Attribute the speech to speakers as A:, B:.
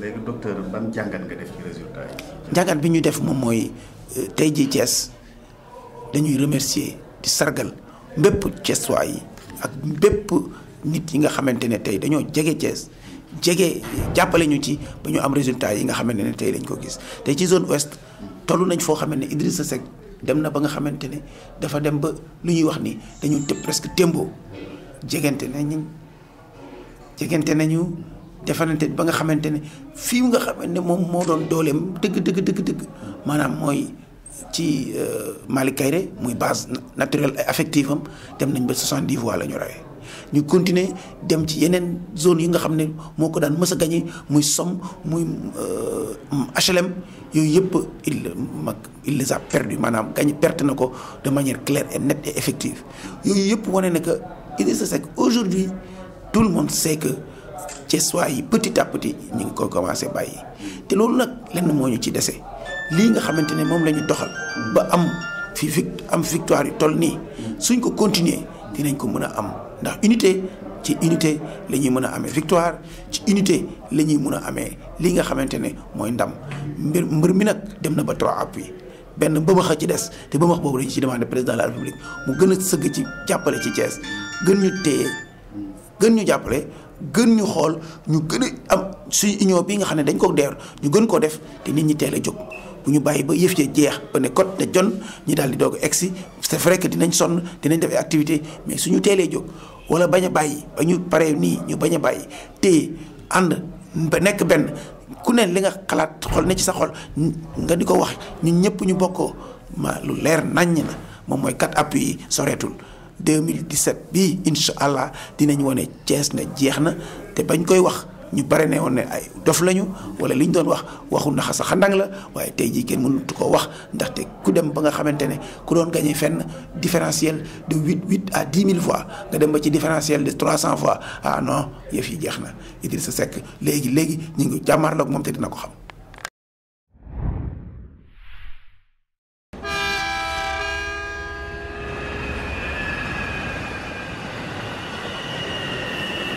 A: léegi docteur ba jàngat nga def ci résultat yi. jàngat bi ñu def moom mooy euh, tey jii cees dañuy remercier di sargal bépp Thiessois yi ak bépp nit yi nga xamante ne tey dañoo jege Thiès jege jàppale ñu ci ba ñu am résultat yi nga xamante ne tey dañ ko gis tey ci zone ouest toll nañ foo xamante ne sa Seck dem na ba nga xamante ne dafa dem ba lu ñuy wax ni dañu te presque témboo jegante nañu jegante nañu. defarante ba nga xamante ne fii nga xamante ne moom moo doon dooleem dëgg dëgg dëgg dëgg maanaam mooy ci euh, Malick Kayre muy base naturelle et affective am dem nañ ba 70 voix la ñu ñu continuer dem ci yeneen zone yi nga xam ne moo ko daan mës a gañe muy Somme muy HLM euh, yooyu yëpp il mag il les a perdu maanaam gañe perte na ko de manière claire et nette et effective yooyu yëpp wane ne que Idrissa Seck aujourd'hui tout le monde sait que Thiessois yi petit à petit ñu ngi ko commencé bàyyi te loolu nag lenn moo ñu ci dese lii nga xamante ne moom la ñu doxal ba am fi am victoire yu toll nii suñ ko continuer dinañ ko mën a am ndax unité ci unité la ñuy mën a amee victoire ci unité la ñuy mën a amee lii nga xamante ne mooy ndam mbir mbër mi nag dem na ba trois appui benn bëbax a ci des te bëbax boobu lañu ci demandé président de la république mu gën a sëgg ci jàppale ci Thiès gën ñu téye gën ñu jàppale gën ñu xool ñu gën a am suy union bi nga xam ne dañ ko deer ñu gën koo def te nit ñi teel a jóg bu ñu bàyyi ba yëf ya jeex ba ne kot ne jon ñi daal di doog a egsi c'est vrai que dinañ sonn dinañ def activité suñu teelee jóg wala bañ a bàyyi ba ñu paree nii ñu bañ a bàyyi te ànd ba nekk benn ku ne li nga xalaat xol ne ci sa xol nga di ko wax ñun ñëpp ñu bokkoo ma lu leer naññ na moom mooy quatre appuis yi soreetul mille 2017 bii incha allah dinañ wone Cees na jeex na te bañ koy wax ñu bare ne woon ne ay dof lañu wala li ñu doon wax waxu naxasa xandang la waaye tey jii kenn tu koo wax ndaxte ku dem ba nga xamante ne ku doon gagné fenn différentiel de huit huit à dix mille fois nga dem ba ci différentiel de trois cent fois ah non yëf yi jeex na Idrissa Seck léegi léegi ñu ngi jàmmaar jàmmaarloog moom te dina ko xam.